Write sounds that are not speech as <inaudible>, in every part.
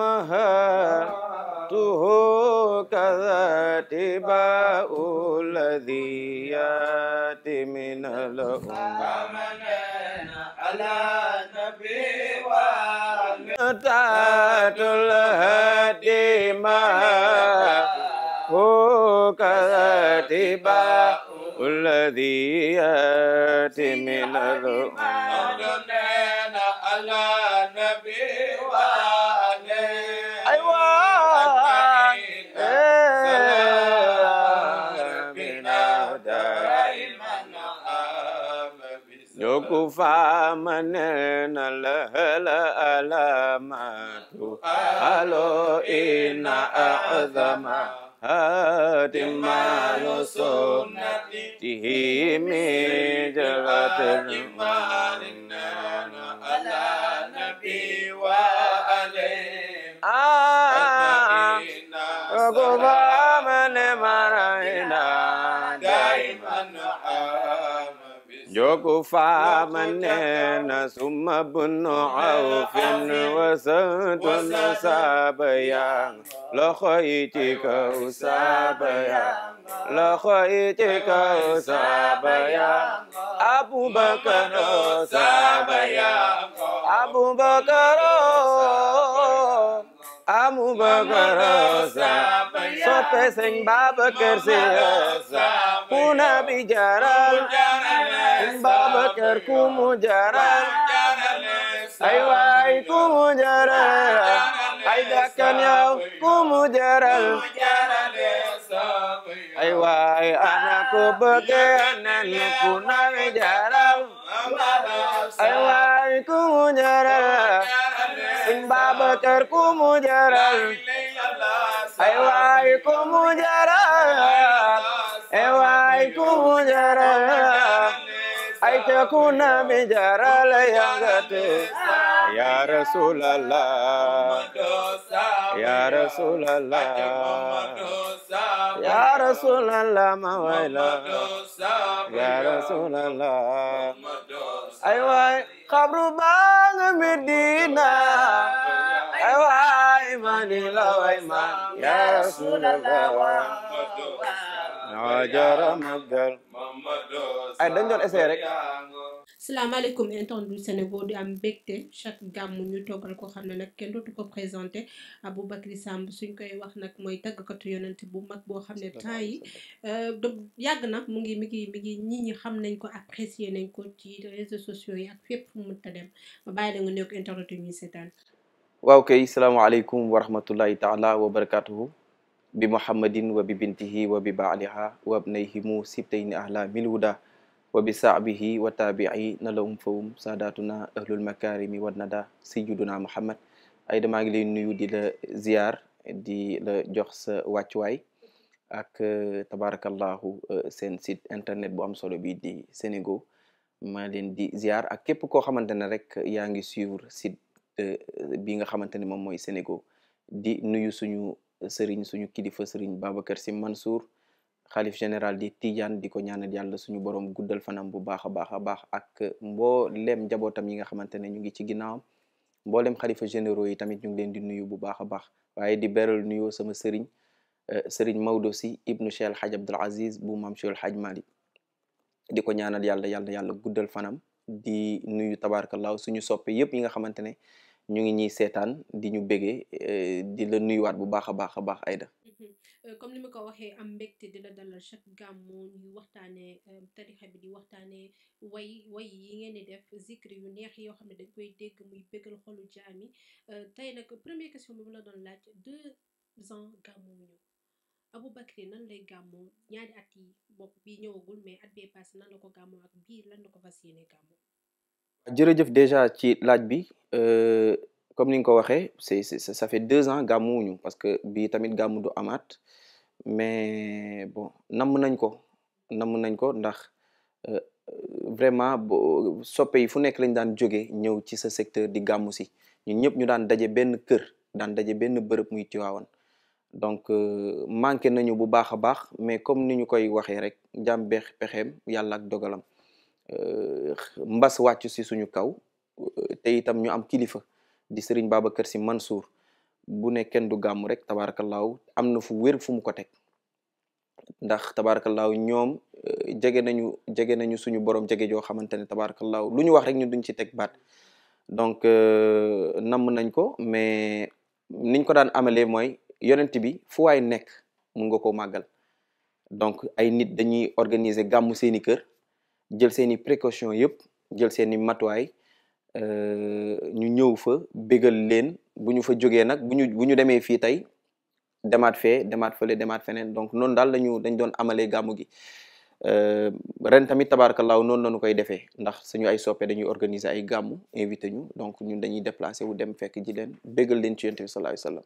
أمهاته كذا تباء الذيات من الأم على نبي تات الهدي ما هو كذا تباء الذيات من الأم famanel na lahala alamatu alo ina azama Hatimalu sunnati tihi mijalatul imanina ala nabi wa alim. Ah, jogu faaman neena summa bunu awfin wasantun saabaya loxo yi kaw saabaya loxo yi kaw saabaya abubakar oh, saabaya abubakar oh, amu Bakar Rosa soppe Sëñ Babakar Si ku na bi jaral Sëñ Babakar ku mu jaral ay waay ku mu jaral ay dakkan yaw ku mu jaral ay waay ana ku bëgg nan ku na bi jaral ay waay ku mu jaral Babacar ku mu jaral ay waay ku mu jaral ay waay ku mu jaral يكون من جرى ليغتي يا رسول الله يا رسول الله يا رسول الله ما ويلا يا رسول الله أيوة خبر بان مدينة أيوة إيمان الله إيمان يا رسول الله ajara magal ay dañ doon essayé rek salaamaaleykum inton du Sénégal di am mbégte chaque gàmm ñu toogal ko xam ne nag kenn dootu ko présenté Aboubacry Samb suñ koy wax nag mooy tàggkatu yonent bu mag boo xam ne temps yi euh, yàgg na mu ngi mi ngi mi ngi ñi xam nañ ko apprécier nañ ko ci réseaux sociaux yi ak fépp fu mu ta dem ma bàyyi la nga nekk internet yi ñuy seetaan waaw kay salaamaaleykum wa rahmatullahi taala wa barakatuhu bi muhammadin wa bi bintihi wa bi baaliha wa abnayhimu sibtayni ahla milwuda wa bi saabihi wa taabii na lawum fawum saadaatuna ahlul makarimi wa nada sayyiduna muhammad ay damaa ngi lay nuyu di la ziyaar di la jox sa wàccuwaay ak euh, tabarakallahu euh, seen site internet bu am solo bi di Senego maa leen di ziar ak képp koo xamante ne rek yaa ngi suivre site euh, bi nga xamante ne moom mooy Senego di nuyu suñu sëriñ suñu kilifa sëriñ Babacar Sy Mansour xalif général di Tidiane di ko ñaanal yàlla suñu borom guddal fanam bu baax a baax a baax ak mboo mbooleem njabootam yi nga xamante ne ñu ngi ci ginnaawam mboolem xalifa généraux yi tamit ñu ngi leen di nuyu bu baax a baax waaye di beral nuyoo sama sëriñ eh, sëriñ Maodo Sy ibnu Cheikh El Hadj bu Maam Cheikh xaaj mali Malick di ko ñaanal yàlla yàlla yàlla guddal fanam di nuyu tabaarkallaahu suñu soppe yëpp yi nga xamante ne ñu ngi ñuy seetaan di ñu bégee eh, di la nuyuwaat bu baax a baax a baax Aïda mm-hmm. euh, comme ni ma ko waxee am mbégte di la dalal chaque gàmmu yu waxtaanee euh, tarixa bi di waxtaanee way way yi ngeen di def zikr yu neex yoo xam ne dañ koy dégg muy bégal xolu jaam yi euh, tey nag première question bi la doon laaj deux ans gàmmu ñu Aboubacry nan lay gàmmu ñaari at yi bokk bii ñëwagul mais at bee passé nan la ko gàmmu ak bii lan la ko fas yéene gàmmu jërëjëf déjà ci laaj bi euh, comme ni nga ko waxee c'est ça fait deux ans gàmmuwuñu parce que bii tamit gàmmu du amaat mais bon nañ ko namm nañ ko ndax euh, vraiment soppe yi fu nekk lañ daan jóge ñëw ci sa secteur di gàmmu si ñun ñëpp ñu daan daje benn kër daan daje benn bërëb muy Tiwaawan donc euh, manqué nañu bu baax a baax mais comme ni ñu koy waxee rek jàmm beex pexeem yàlla ak dogalam mbas wàcc si suñu kaw euh, te itam ñu am kilifa di Serigne Babacar Sy Mansour bu ne kenn du gàmm rek tabaarakallaahu am na fu wér fu mu ko teg ndax tabaarakallaahu ñoom euh, jege nañu jege nañu suñu borom jege joo xamante ne tabaarakallaahu lu ñu wax rek ñu duñ ci teg baat donc euh, namm nañ ko mais niñ ko daan amalee mooy yonent bi fu waay nekk mun nga koo màggal donc ay nit dañuy organiser gàmm seeni kër jël seen i précaution yëpp jël seeni i matuwaay euh, ñu ñëw fa bégal leen bu ñu fa jógee nag bu ñu bu ñu demee fii tey demaat fee demaat fële demaat feneen donc noonu daal lañu dañ doon amalee gàmmu gi euh, ren tamit tabaarkalaaw noonu la ñu koy defee ndax suñu ay soppe dañuy organiser ay gàmmu invité ñu donc ñun dañuy déplacé wu dem fekk ji leen bégal leen ci Yonent bi sallallahu alayhi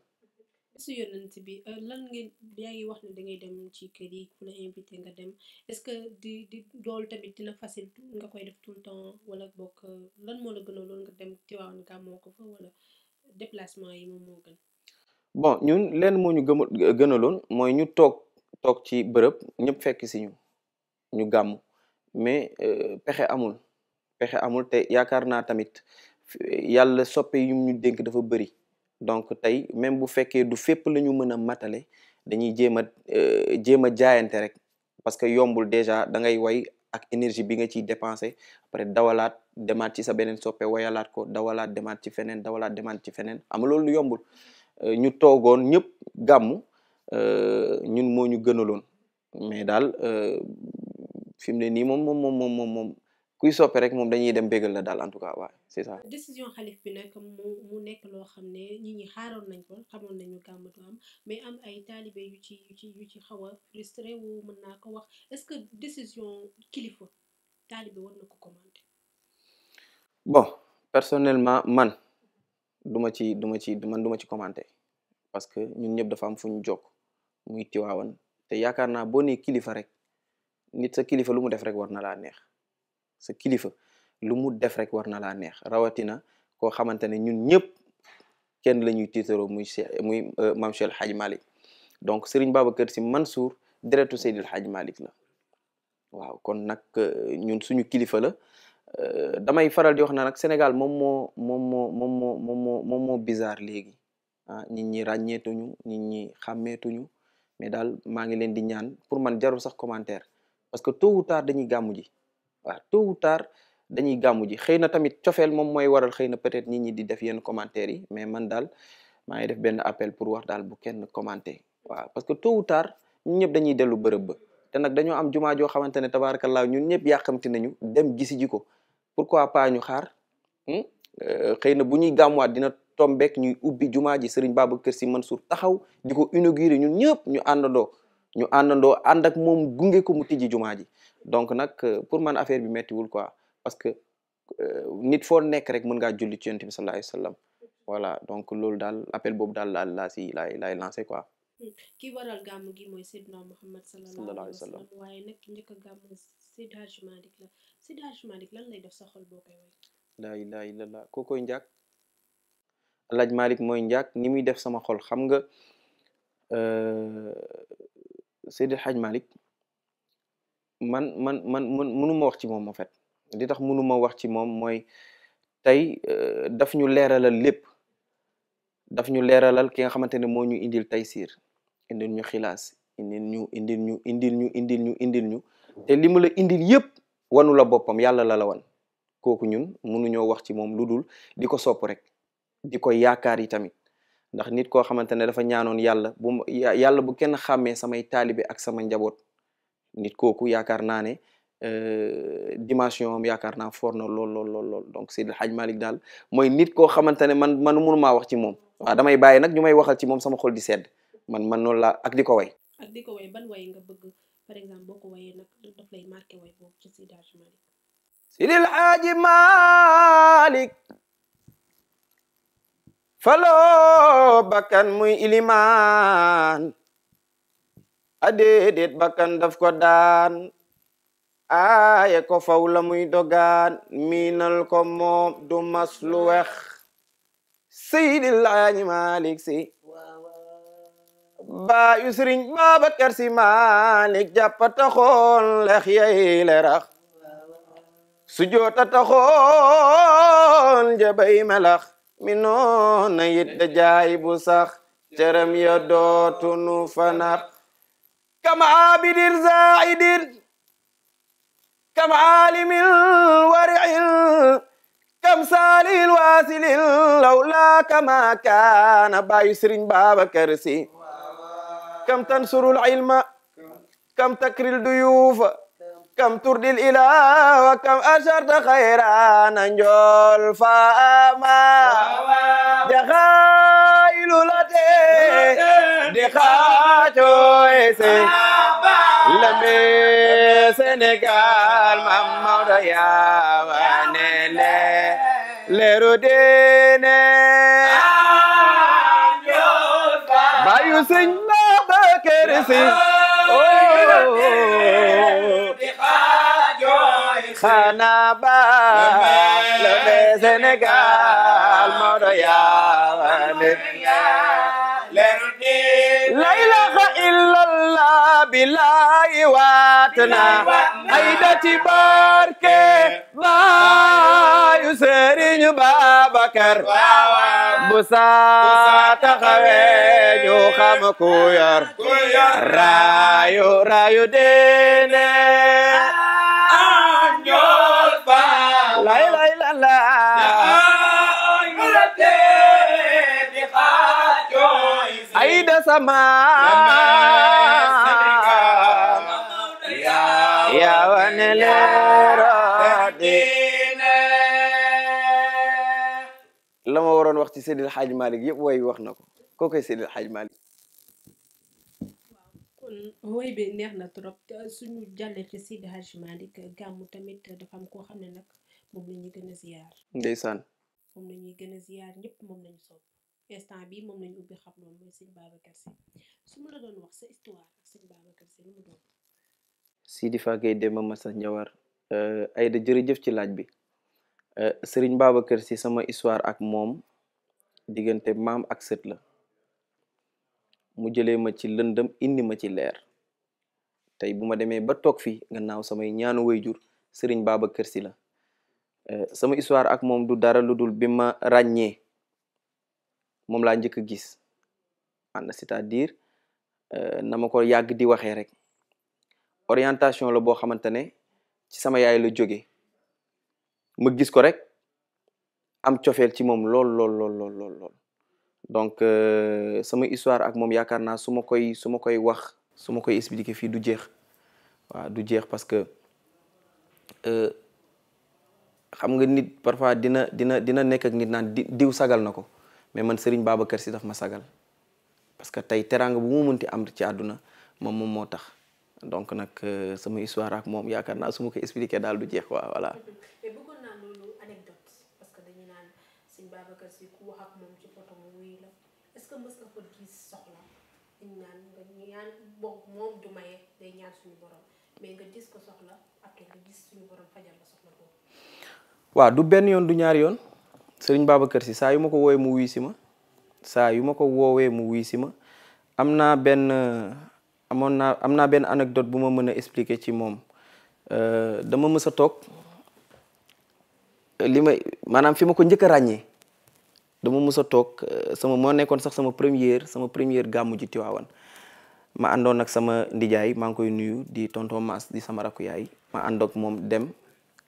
su yonent bi euh, lan ngeen yaa ngi wax ne dangay dem ci kër yi ku la invité nga dem est-ce que di di dool tamit dina facile nga koy def tout le temps wala bokk euh, lan moo la gënoon nga dem Tivaouane gàmmoo ko fa wala déplacement yi moom moo gën. bon ñun lenn moo ñu gënaloon mooy ñu toog toog ci bërëb ñëpp fekk si ñu ñu gàmm mais euh, pexe amul pexe amul te yaakaar naa tamit yàlla soppe yu ñu dénk dafa bëri. donc tey même bu fekkee du fépp la ñu mën a matale dañuy jéem a euh, jéem a jaayante rek parce que yombul déjà da ngay way ak énergie bi nga ciy dépensé après dawalaat demaat ci sa beneen soppe wayalaat ko dawalaat demaat ci feneen dawalaat demaat ci feneen am loolu yombul euh, ñu toogoon ñëpp gàmmu euh, ñun moo ñu gënaloon mais daal fi mu ne nii moom kuy soppe rek moom dañuy dem bégal la daal en tout cas waaw c'est ça. décision xalif bi nag mu mu nekk loo xam ne ñi ñi xaaroon nañ ko xamoon nañu gàmm du am mais am ay taalibe yu ci yu ci yu ci xaw a frustré wu mën naa ko wax est-ce que décision kilifa taalibe war na ko commandé. bon personnellement man duma ci duma ci man duma ci commenté parce que ñu ñëpp dafa am fu ñu jokk muy tiwaawan te yaakaar naa boo nee kilifa rek nit sa kilifa lu mu def rek war na laa neex. sa kilifa lu mu def rek war na laa neex rawatina koo xamante ne ñun ñëpp kenn la ñuy tiitaroo muy muy euh, maam Cheikh El Hadj Malick donc Serigne Babacar Sy Mansour deretu Seydil Hadj Malick la waaw kon nag euh, ñun suñu kilifa la euh, damay faral di wax na nag Sénégal moom moo moom moo moom moo moom moo moom moo bizarre léegi ah nit ñi ràññeetuñu nit ñi xàmmeetuñu mais daal maa ngi leen di ñaan pour man jarul sax commentaire parce que tôt ou tard dañuy gàmmu ji waaw tôt ou tard dañuy gàmmu ji xëy na tamit cofeel moom mooy waral xëy na peut-être nit ñi di def yenn commentaires yi mais man daal maa ngi def benn appel pour wax daal bu kenn commenter waaw parce que tôt ou tard ñun ñëpp dañuy dellu bërëb ba nag dañoo am jumaa joo xamante ne tabaarakallaa ñun ñëpp yàqamti nañu dem gisi ji ko pourquoi pas ñu xaar hmm? euh, xëy na bu ñuy gàmmuwaat dina tombeek ñuy ubbi jumaa ji Serigne Babacar Sy Mansour taxaw di ko inaugurer ñun ñëpp ñu àndandoo ñu àndandoo ànd ak moom gunge ko mu tijji jumaa ji donc nag euh, pour man affaire bi méttiwul quoi parce que euh, nit foo nekk rek mën ngaa julli ci yonent bi sallallahu alayhi donc loolu daal appel boobu daal laa laa si laay laay lancé quoi. ki waral gàmm gi mooy waaye nag njëkk a gàmm Seydi Hadji Malick lay def sa xol boo koy way. laa ilaaha illallaah kookoy njaag Alaaji mooy njaag ni muy def sama xol xam nga. Euh, Seydi Hadj Malick man man man mënuma wax ci moom en fait li tax mënuma wax ci moom mooy tey euh, daf ñu leeralal lépp daf ñu leeralal ki nga xamante ne moo ñu indil Taysiir indil ñu xilaas indil ñu indil ñu indil ñu indil ñu indil ñu te li mu la indil yépp wanula boppam yàlla la la wan kooku ñun mënuñoo wax ci moom lu dul di ko sopp rek di ko yaakaar ndax nit koo xamante ne dafa ñaanoon yàlla bu ma yàlla bu kenn xàmmee samay taalibe ak sama njaboot nit kooku yaakaar naa ne euh, dimension am yaakaar naa for na lool lool lool lool donc Seydil Hadj Malick daal mooy nit koo xamante ne man man mënu maa wax ci moom waaw damay bàyyi nag ñu may waxal ci moom sama xol di sedd man man noonu laa ak di ko way. ak di ko way ban faloo bakkan muy ilimaan adéedéet bakkan daf ko daan aaye ko faw la muy dogaan miinal ko moom du mas lu wex seydi laañi maalik si baayu sëriñ si maalik jàppa taxoon lex yey lerax sujoota taxoon jabay melax mi noona yit da jaay bu sax cëram ya dootunu fanax kama abidin zaidin kama alimin wariin kam saalil waasilin lawla kama kaana baayu Sëriñ Babacar Si kam tansurul ilma kam takril duyuufa كم ترضي الإله وكم أشرت خيرا ننجول فاما دخائل لتي دخاتو إسي لمي سنغال ممو ديا وانيلي لروديني بايو سنبا بكرسي xanaa ba le be Sénégal Maodo yaa ne la ilaha illallah billahi waatna ayda ci barke baayu Serigne Babacar bu saa taxawee ñu xam ku yor rayu rayu dene لا اله الا الله عيد سما يا ونلرادي la ma waroon wax ci Seydil Hadj Malick yëpp woy wax na ko koo koy Seydil Hadj Malick mooy bi neex na trop suñu jàllee ci Seydi Hadji Malick gàmmu tamit dafa am koo xam ne nag moom la ñuy gën a ziyaar. ndeysaan. moom la ñuy gën a moom la ñu sopp instant moom ubbi xam loolu mooy sëñ Babacar Sy su ma la wax sa histoire ak sëñ Babacar Sy euh, jërëjëf ci laaj bi euh, sëriñ Babacar Sy sama histoire ak moom diggante maam ak sët la mu jëlee ma ci lëndëm indi ma ci leer tey bu ma demee ba toog fii gannaaw samay ñaanu wayjur sëriñ Babacar Sy la. Eh, sama histoire ak moom du dara lu dul bi ma ràññee moom laa njëkk a gis maanaam c'est-à-dire eh, na ma ko yàgg di waxee rek orientation la boo xamante ne ci sama yaay la jóge ma gis ko rek am cofeel ci moom lool lool lool donc eh, sama histoire ak moom yaakaar naa su ma koy su ma koy wax su ma koy expliquer fii du jeex waaw du jeex parce que xam nga nit parfois dina dina dina nekk ak nit naan diw sagal na ko mais man Serigne Babacar si daf ma sagal parce que tey teraanga bu mu mënti am ci àdduna moom moom moo tax donc nag euh, sama histoire moom yaakaar naa su ma ko expliqué daal du jeex waa voilà. mais mais nga gis ko soxla après nga gis suñu borom fajal la soxla boobu. waaw du benn yoon du ñaari yoon sëriñ Babacar si saa yu ma ko woowee mu si ma saa yu ma ko woowee mu wuy si ma am naa benn amoon naa am naa benn anecdote bu ma mën a expliquer ci moom euh, dama mës a toog li ma maanaam fi ma ko njëkk a ràññee dama mës a toog euh, sama moo nekkoon sax sama première sama première gàmmu ji Tiwaawan ma àndoon ak sama ndijaay maa ngi koy nuyu di tonton Mass di sama rakku ma àndoog moom dem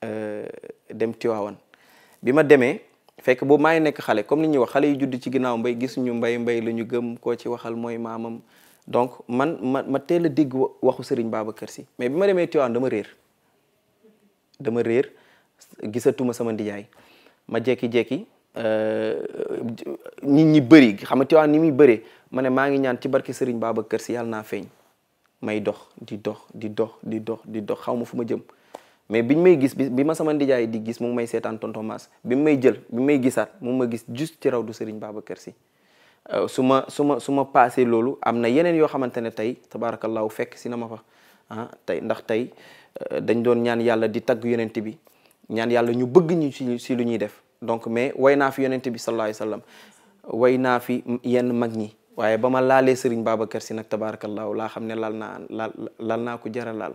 Euh, dem Tiwaawan bi ma demee fekk boobu maa ngi nekk xale comme ni ñuy wax xale yu judd ci ginnaaw mbay gisuñu ñu mbay mbay la ñu gëm koo ci waxal mooy maamam donc man ma ma teel a dégg waxu Serigne Babacar Sy mais bi ma demee Tiwaawan dama réer dama réer gisatuma sama ndijaay ma jekki-jekki euh, nit ñi bëri xam nga Tiwaawan ni muy bëree ma maa ngi ñaan ci barke Serigne Babacar Sy yàlla naa feeñ may dox di dox di dox di dox di dox xaw ma fu ma jëm mais biñ may gis bi ma sama ndijaay di gis mu may seetaan tonton Mass bi may jël bi may gisaat mu ma gis juste ci raw du Serigne Babacar Sy euh, su ma su ma su ma paasee loolu am na yeneen yoo xamante ne tey tabaarakallaahu fekk si na ma fa ah tey ndax tey euh, dañ doon ñaan yàlla di tagg yonent bi ñaan yàlla ñu bëgg ñu si si lu ñuy def donc mais way naa fi yonent bi sallallahu alayhi wa sallam way naa fi yenn mag ñi waaye ba ma laalee Serigne Babacar Sy nag tabaarakallaahu laa xam ne laal naa laal laal naa ko jara laal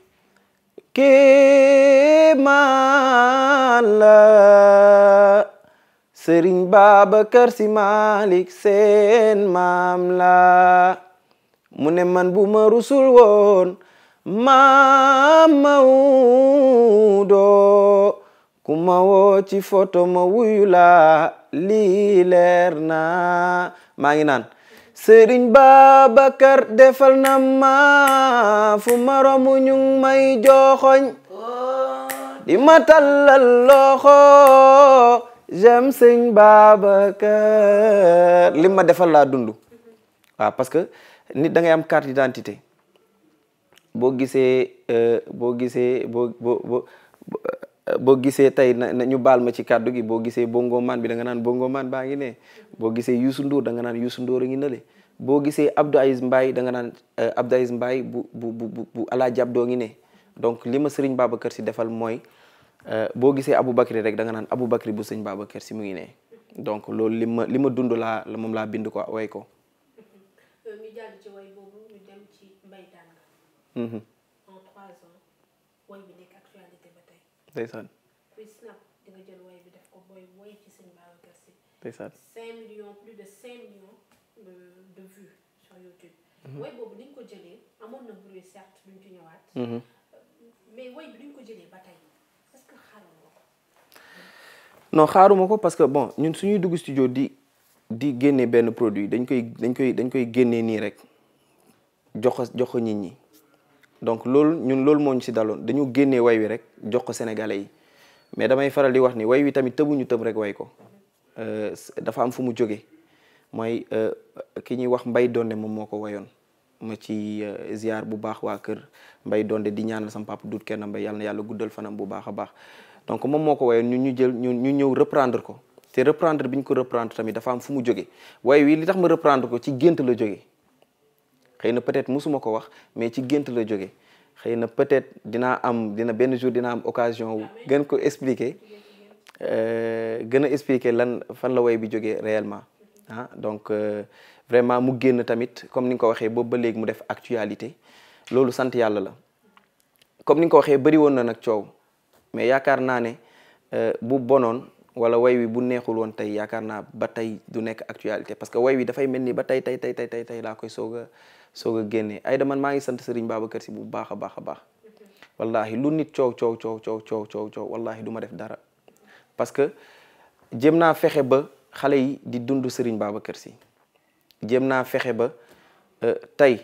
kéemaan la Sëriñ Babacar Si Malik seen maam la mu ne man bu ma rusul woon maam Mawdo ku ma woo ci foto ma wuyu la lii leer na maa ngi naan sëriñ Babacar defal na ma fu maramu ñu may joxoñ di ma tàllal loxo j'aime sëñ Babacar li defal laa dund waaw parce que nit da ngay am carte d'identité boo gisee euh, boo gisee boo gisee tey na ñu baal ma ci kàddu gi boo gisee bongo maan bi da nga naan bongo man baa ngi ne boo gisee Youssou Ndour da nga naan Youssou Ndour a ngi le boo gisee Abdou Aziz Mbaye da nga naan euh, Abdou Aziz mbaay bu bu bu bu Alaaji Abdou ngi ne donc li ma Serigne kër si defal mooy euh, boo gisee abu Aboubacry rek da nga naan Aboubacry bu Serigne kër si mu ngi ne donc loolu li ma li ma dund la moom laa bind ko way ko. Euh, ndeysaan snap di ko booy woy ci plus de cinq de vues sur YouTube mhm. woy boobu mhm. mais woy bi duñ ko jëlee ba tey est que xaaroon ko non xaaruma ko parce que bon ñun suñuy dugg studio di di génne benn produit dañ koy dañ koy dañ koy génnee nii rek jox jox nit ñi donc loolu ñun loolu moo ñu si daloon dañu génnee way wi rek jox ko sénégale yi mais damay faral di wax ni way wi tamit tëbuñu tëb rek way ko euh, dafa am fu mu jóge mooy euh, ki ñuy wax mbay donde moom moo ko wayoon ma ci euh, ziar bu baax waa kër mbay donde di ñaanal sama papa dut kenn mbay yàlla na yàlla fanam bu baax a baax donc moom moo ko wayoon ñun ñu jël ñun ñu ñëw reprendre ko te reprendre bi ñu ko reprendre tamit dafa am fu mu jóge way wi li tax ma reprendre ko ci gént la jóge xëy na peut-être musuma ko wax mais ci gént la jóge xëy na peut-être dinaa am dina benn jour dina am occasion wu gën ko expliquer euh, gën a expliquer lan fan la woy bi jógee réellement ah donc euh, vraiment mu génn tamit comme ni nga ko waxee boobu ba léegi mu def actualité loolu sant yàlla la comme ni nga ko waxee bëri woon na nag coow mais yaakaar naa ne euh, bu bonoon wala way wi bu neexul woon tey yaakaar naa ba tey du nekk actualité parce que way wi dafay mel ni ba tey tey tey tey tey laa koy soog a soo a génnee ay da maa ngi sant Serigne Babacar si bu baax a baax a baax wallahi lu nit coow coow coow coow coow coow coow wallahi du ma def dara parce que jéem naa fexe ba xale yi di dund Serigne Babacar si jéem naa fexe ba euh, tey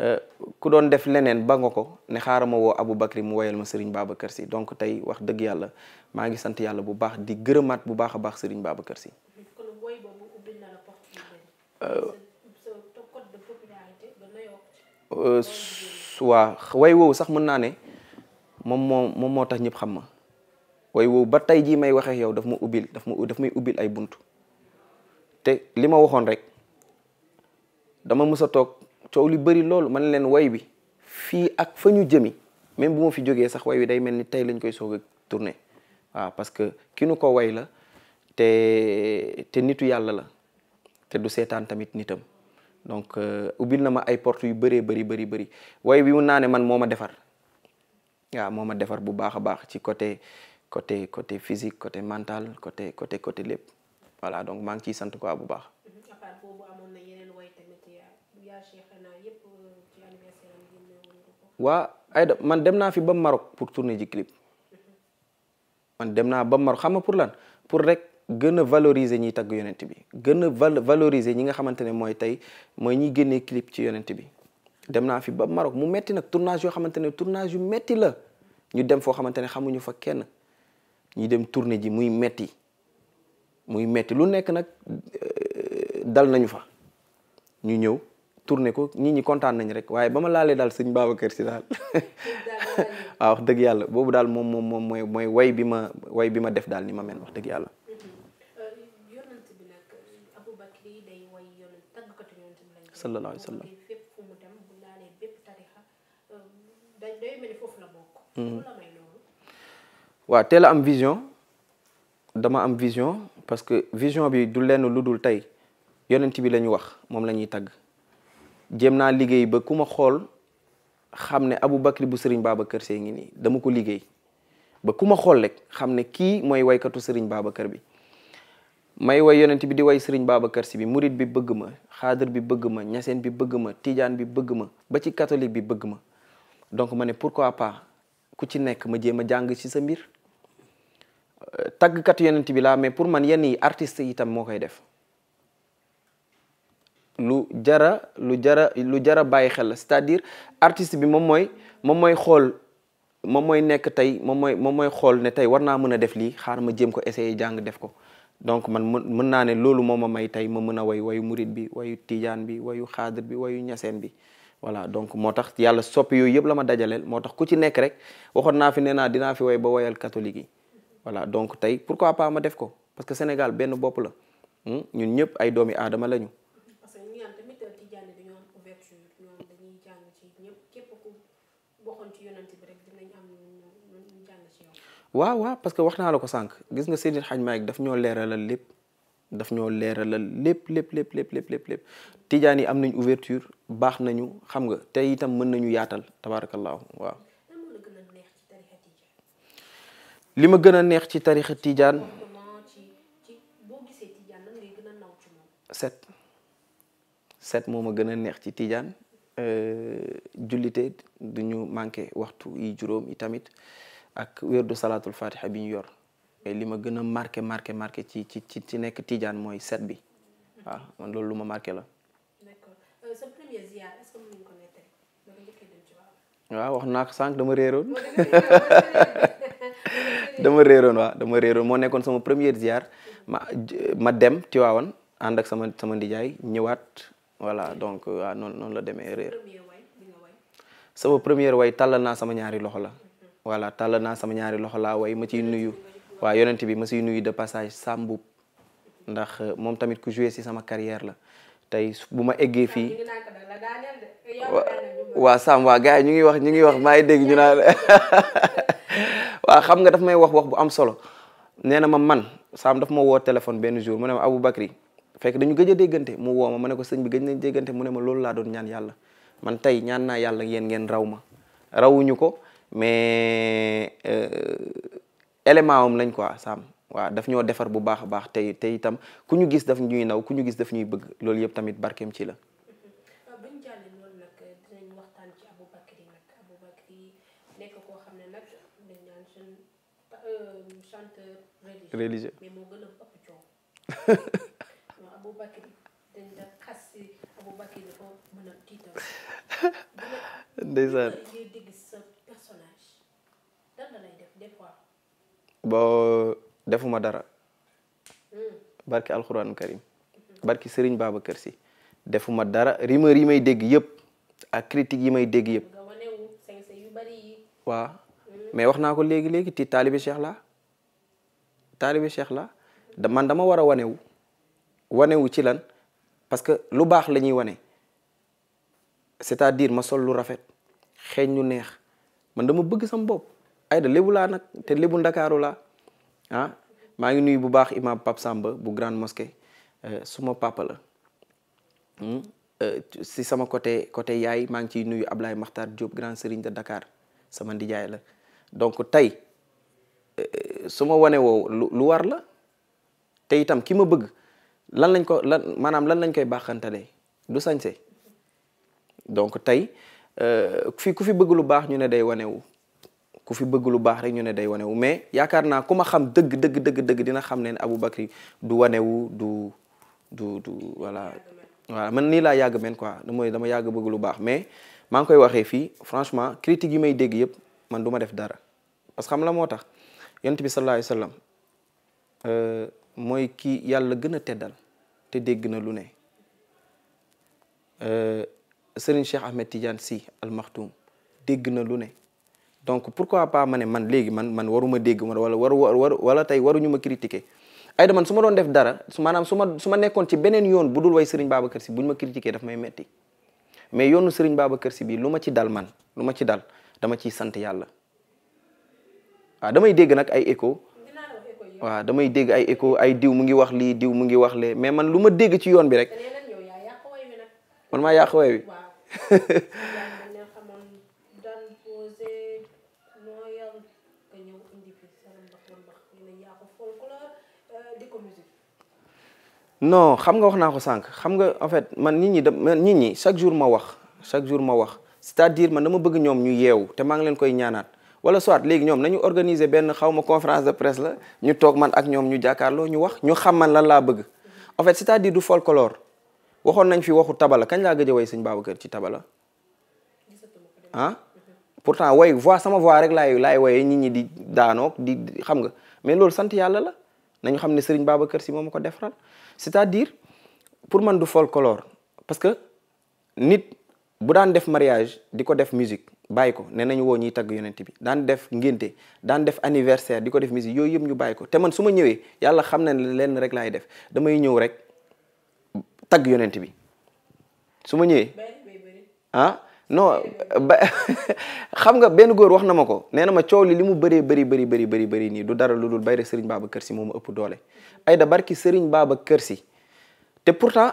euh, ku doon def leneen ba nga ko ne xaaral ma woo Aboubacry mu woyal ma Serigne Babacar si donc tey wax dëgg yàlla maa ngi sant yàlla bu baax di gërëmaat bu baax a baax Serigne Babacar si. Euh, waa way woowu sax mën naa ne moom moo moom moo tax ñëpp xam ma way woowu ba tey jii may waxee yow daf ma ubbil daf ma daf may ubbil ay bunt te li ma waxoon rek dama mës a toog coow li bëri loolu man leen way bi fii ak fa ñu jëmi même bu ma fi jógee sax way wi day mel ni tey lañ koy soog a tourné waaw parce que ki nu ko way la te te nitu yàlla la te du seetaan tamit nitam donc euh, ubbil na ma ay porte yu bëree bëri bëri bëri way bi mun naa ne man moo ma defar waaw moo ma defar bu baax a baax ci côté côté côté physique côté mental côté côté côté lépp voilà donc maa ngi ciy sant quoi bu baax. Euh, waa Aïda man dem naa fi ba Maroc pour tourne ji clip mhm. man dem naa ba Maroc xam nga pour lan pour rek. gën a valoriser ñiy tagg yonent bi gën a valoriser ñi nga xamante ne mooy tey mooy ñiy génnee clip ci yonent bi dem naa fi ba Maroc mu metti nag tournage yoo xamante ne tournage yu metti la ñu dem foo xamante ne xamuñu fa kenn ñu dem tournée ji muy metti muy metti lu nekk nag euh, dal nañu fa ñu ñëw tourné ko nit ñi kontaan nañ rek waaye ba ma laalee daal sëñ Babacar si daal <laughs> waaw wax dëgg yàlla boobu daal moom moom moom mooy mooy way bi ma way bi ma def daal ni ma mel wax dëgg yàlla sallallahu alayhi wa euh, teel am vision dama am vision parce que vision bi du lenn lu dul tey yonent bi la wax moom la ñuy tagg jéem naa liggéey ba ku ma xool xam ne Abu Bakri bu sëriñ baaba Sy ngi nii dama ko liggéey ba ku ma xool rek xam ne kii mooy waykatu sëriñ baaba kër bi may way yonent bi di way Serigne Babacar Sy bi murit bi bëgg ma xaadir bi bëgg ma ñaseen bi bëgg ma tijaan bi bëgg ma ba ci catholique bi bëgg ma donc ma ne pourquoi pas ku ci nekk ma jéem a jàng ci sa mbir euh, tàggkat yonent bi laa mais pour man yenn yi artistes itam moo koy def lu jara lu jara lu jara bàyyi xel la c'est-à-dire bi moom mooy moom mooy xool moom mooy nekk tey moom mooy moom mooy xool ne tey war naa mën a def lii xaar ma jéem ko essayer jàng def ko donc man mën naa ne loolu moo ma may tey ma mën a way wayu murit bi wayu tijaan bi wayu xaadir bi wayu ñaseen bi voilà donc moo tax yàlla soppi yooyu yëpp la ma dajaleel moo tax ku ci nekk rek waxoon naa fi ne naa dinaa fi way ba wayal catholique yi voilà donc tey pourquoi pas ma def ko parce que Sénégal benn bopp la hmm? ñun ñëpp ay doomi aadama lañu waaw waaw parce que wax naa la ko sànq gis nga Seydil Hadj Malick daf ñoo leeralal lépp daf ñoo leeralal lépp lépp lépp lépp lépp lépp lépp tijaan yi am nañu ouverture baax nañu xam nga te itam mën nañu yaatal tabaarakallaahu waaw ma gën a neex ci tarixa tijaan set set moo ma gën a neex ci tijaan euh, jullite duñu manqué waxtu yi juróom yi tamit ak wérdu salaatul fatiha bi ñu yor mais li ma gën a marqué marqué marqué ci ci ci ci nekk tijaan mooy set bi waaw man loolu lu ma marqué la. d'accord euh, wax naa ko sànq dama réeroon dama réeroon <laughs> waaw dama réeroon moo nekkoon sama première ziar ma ma dem Tiwaawan ànd ak sama sama ndijaay ñëwaat voilà donc noonu noonu la demee réer. sama première way tàllal naa sama ñaari loxo la. voilà tàllal naa sama ñaari loxo laa way ma ciy nuyu waa yonent bi ma ciy nuyu de passage Samboub ndax euh, moom tamit ku joué si sama carrière la tey bu ma eggee fii eh, waa Samb waa gars yi ñu ngi wax ñu ngi wax maa ngi dégg ñu naan <laughs> waa xam nga daf may wax wax bu am solo nee na ma man saam daf ma woo téléphone benn jour mu ne ma Abou Bakri fekk dañu gëj a déggante mu woo ma ma ne ko sëñ bi gëj nañ déggante mu ne ma loolu laa doon ñaan yàlla man tey ñaan naa yàlla yéen ngeen raw ma rawuñu ko mais euh, élément am lañ ko Sam waaw daf ñoo defar bu baax a baax tey tey itam ku ñu gis daf ñuy naw ku ñu gis daf ñuy bëgg loolu yëpp tamit barkeem ci la. dégg <laughs> <laughs> boo defuma dara barki alxuraanu karim barki Serigne Babacar Sy defuma dara rumeur yi may dégg yëpp ak critiques yi may dégg yëpp waaw mm. mais wax naa ko léegi léegi ti taalibi Cheikh la taalibi Cheikh la da man dama war a wanewu wanewu ci lan parce que lu baax la ñuy wane c'est-à-dire ma sol lu rafet xeeñ lu neex man dama bëgg sam bopp Aïda lébu laa nag te lébu ndakaaru laa ah, maa ngi nuyu bu baax imam Pape Samba bu Grande Mosquée euh, suma papa la hmm? euh, si sama côté côté yaay maa ngi ciy nuyu Ablaye Makhtar Diop grand Serigne de Dakar sama ndijaay la donc tey euh, suma ma wane woo lu war la te itam ki ma bëgg lan lañ ko lan maanaam lan lañ koy baaxantalee du sañse donc tey fi ku fi bëgg lu baax ñu ne day wane ku fi bëgg lu baax rek ñu ne day wanewu mais yaakaar naa ku ma xam dëgg dëgg dëgg dina xam ne ne abu Aboubacry du wanewu du du du voilà voilà man nii laa yàgg men quoi mooy dama yàgg bëgg lu baax mais maa ngi koy waxee fii franchement critique yi may dégg yëpp man duma def dara parce que xam la moo tax yonent bi sallallahu alayhi wasallam euh, mooy kii yàlla gën a teddal te dégg na lu ne euh, Serigne Cheikh Ahmed Tidiane Sy Al Maktoum dégg na lu ne donc pourquoi pas ma ne man léegi man man waruma dégg man wala waru war wala tey waruñu ma critiquer ayda man su ma doon def dara maanaam su ma su ma nekkoon ci beneen yoon bu dul way Serigne Babacar Sy bu ñu ma critiquer daf may mais yoonu Serigne Babacar Sy bii lu ma ci dal man lu ma ci dal dama ciy sant yàlla waaw damay dégg nag ay écho waaw damay dégg ay écho ay diw mu ngi wax lii diw mu ngi wax lee mais man lu ma dégg ci yoon bi rek man maa yàq way <laughs> non xam nga wax naa ko sànq xam nga en fait man nit ñi de nit ñi chaque jour ma wax chaque jour ma wax c'est-à-dire man dama bëgg ñoom ñu yeewu te maa ngi leen koy ñaanaat wala soit léegi ñoom nañu organiser benn xaw ma conférence de presse la ñu toog man ak ñoom ñu jàkkaarloo ñu wax ñu xam man lan laa bëgg en fait c'est-à-dire du folklore waxoon nañ fi waxu tabala kañ laa gëj a way sëñ Babacar ci tabala ah pourtant way voix sama voix rek laay laay woyee nit ñi di daanoo di xam nga mais loolu sant yàlla la nañu xam ne sëriñ Babacar si moom ko defaral c'est-à-dire pour man du folklore parce que nit bu daan def mariage di ko def musique bàyyi ko nee nañu woo ñuy tagg yonent bi daan def ngénte daan def anniversaire di ko def musique yooyu yëpp ñu bàyyi ko te man su ma ñëwee yàlla xam na ne lenn rek laay def damay ñëw rek tagg yonent bi su ma ñëwee ah, no ba <laughs> xam nga benn góor wax na ma ko nee na ma coow li li mu bëree bëri bëri bëri bëri bëri nii du dara lu dul bayre Serigne Babacar Sy moomu ëpp doole Aida barki Serigne Babacar Sy te pourtant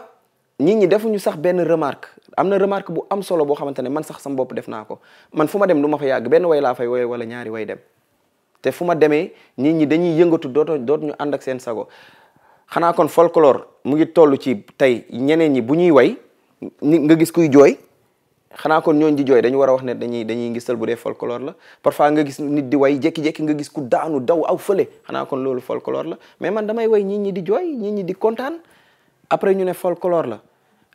nit ñi defuñu sax benn remarque am na remarque bu am solo boo xamante ne man sax sama bopp def naa ko man fu ma dem du ma fa yàgg benn way laa fay woy wala ñaari way dem te fu ma demee nit ñi dañuy yëngatu dootoo doot ñu ànd ak seen sago xanaa kon folklore mu ngi toll ci tey ñeneen ñi bu ñuy way nga gis kuy jooy xanaa kon ñooñ di jooy dañu war a wax ne dañuy dañuy ngistal bu dee folklore la parfois nga gis nit di way jékki-jékki nga gis ku daanu daw aw fële xanaa kon loolu folklore la mais man damay way ñit ñi di jooy ñit ñi di kontaan après ñu ne folklore la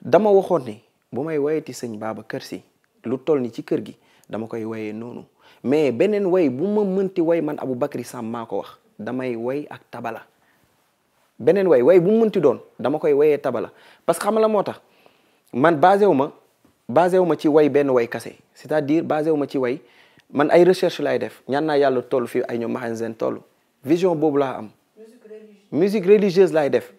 dama waxoon ni bu may ti sëñ Babacar Sy lu toll ni ci kër gi dama koy wayee noonu mais beneen way bu ma mënti way man Aboubacry Samb maa ko wax damay way ak tabala beneen way way bu mu mënti doon dama koy wayee tabala parce que xam la moo tax man basé wu ma basé wu ma ci way benn way kase c'est-à-dire basé wu ma ci way man ay recherche laay def ñan naa yàlla toll fii ay ñoom maxan seen toll vision boobu laa am musique religieuse laay def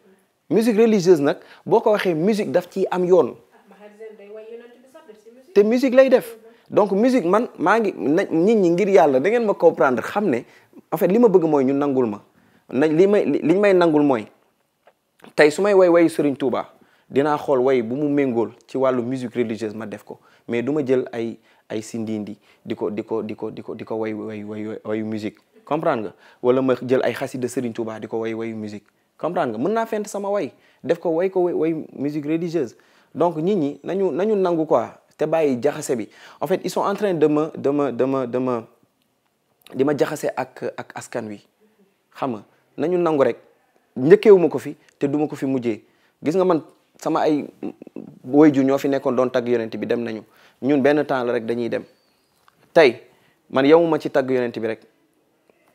musique religieuse nag boo ko waxee musique daf ci am yoon ah, te musique lay def donc musique man maa ngi nit ñi ngir yàlla da ngeen ma comprendre xam ne en fait li ma bëgg mooy ñu nangul ma nañ li may li may nangul mooy tey su may way wayu Serigne Touba dinaa xool way bu mu méngool ci wàllu musique religieuse ma def ko mais du ma jël ay ay sindindi di ko di ko di ko di ko di ko way way way wayu musique comprendre nga wala ma jël ay xasida Serigne Touba di ko way wayu musique comprendre nga mën naa fent sama way def ko way ko way musique religieuse donc nit ñi nañu nañu nangu quoi te bàyyi jaxase bi en fait ils sont en train de ma de ma de di ma jaxase ak ak askan wi xam nga nañu nangu rek njëkkeewu ko fi te duma ko fi mujjee gis nga man sama ay woy ju ñoo fi nekkoon doon tagg yonent bi dem nañu ñun benn temps la rek dañuy dem tey man yemuma ci tagg yonent bi rek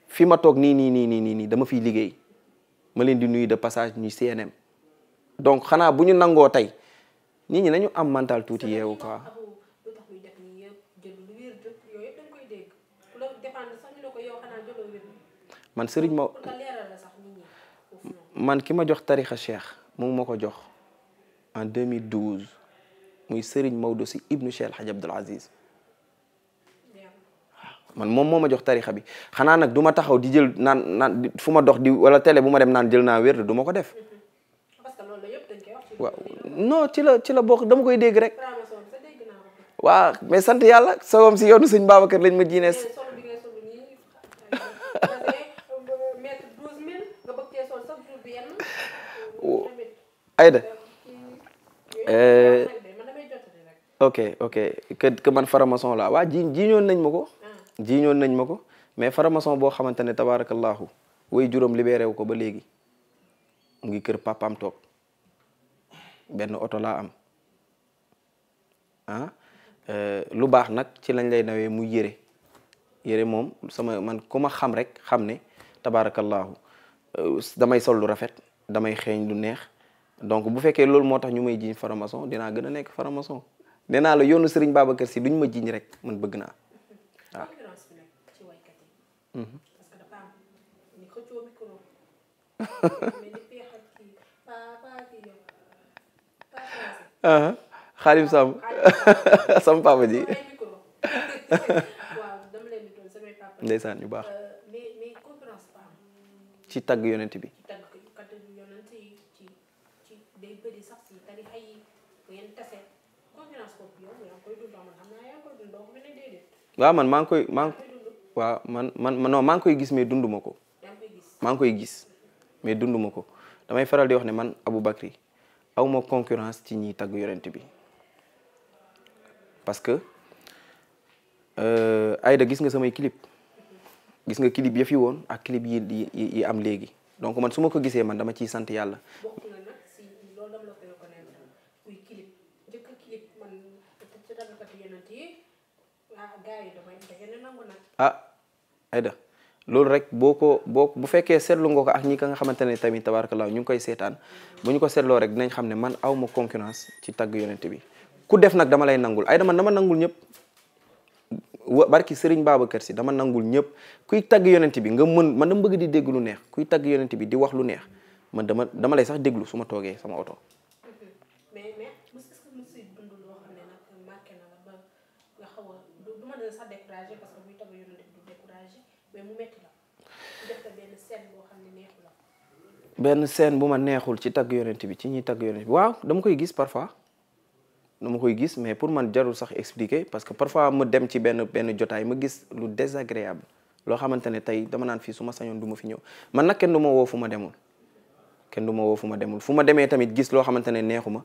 fi ma toog nii nii nii nii nii nii dama fiy liggéey ma leen di nuyu de passage ñuy CNM donc xanaa bu ñu nangoo tey nit ñi nañu am mental tuuti yeewu quoi. man sëriñ ma man ki ma jox tarixa cheikh mu ma ko jox en 2012 muy Serigne Maodo si ibnu Cheikh El Hadj Aziz man moom moo ma jox tarixa bi xanaa nag du ma taxaw di jël naan naan fu ma dox di wala tele bu ma dem naan jël naa wér du ma ko def. parce ci la ci la bokk dama koy dégg rek. waaw mais sant yàlla soom si yoonu sëñ Babacar lañ ma jiinees. Euh, ayda Euh, ok ok que man faramaçon la waa ji jiiñoon nañ ma ko ah. jiiñoon nañ ma ko mais faramaçon boo xamante ne tabaarakallaahu way juróom libéré wu ko ba léegi mu ngi kër papaam toog benn oto laa am ah euh, lu baax nag ci lañ lay nawee mu yére yére moom sama man ku xam rek xam ne tabaarakallaahu euh, damay sol lu rafet damay xeeñ lu neex donc bu fekkee loolu moo tax ñu may jiiñ faramaçon dinaa gën a nekk faramaçon nee naa la yoonu baaba Babacar si duñ ma jiiñ rek man bëgg naa waaw. Mhm. xaalim <laughs> uh-huh. Samb sam <laughs> papa ji <laughs> ndeysaan ñu baax euh, ci tagg yonent bi waaw man maa ngi koy maa ngi waaw man man non maa ngi koy gis mais dundu ma ko maa ngi koy gis mais dunduma ko damay faral di wax ne man Aboubacry aw ma concurrence ci ñiy tagg yonent bi parce que euh, Aïda gis nga samay clip gis nga clip ya fi woon ak clip yi yi am léegi donc man su ma ko gisee man dama ciy sant yàlla loolu rek boo ko boo bu fekkee seetlu nga ko ak ñi ka nga xamante ne tamit tabaarkalaa ñu ngi koy seetaan bu ñu ko seetloo rek nañ xam ne man aw ma concurrence ci tagg yonent bi ku def nag dama lay nangul ay dama dama nangul ñëpp barki Serigne Babacar si dama nangul ñëpp kuy tagg yonent bi nga mën man dama bëgg di dégg lu neex kuy tagg yonent bi di wax lu neex man dama dama lay sax déglu su ma toogee sama oto benn scène bu ma neexul ci tagg yonent bi ci ñuy tagg yonent bi waaw dama koy gis parfois dama koy gis mais pour man jarul sax explique parce que parfois ma dem ci benn benn jotaay ma gis lu désagréable loo xamante ne tey dama naan fii su ma sañoon du ma fi ñëw man nag kenn du ma woo fu ma demul kenn ma woo fu ma demul fu ma demee tamit gis loo xamante ne neexu ma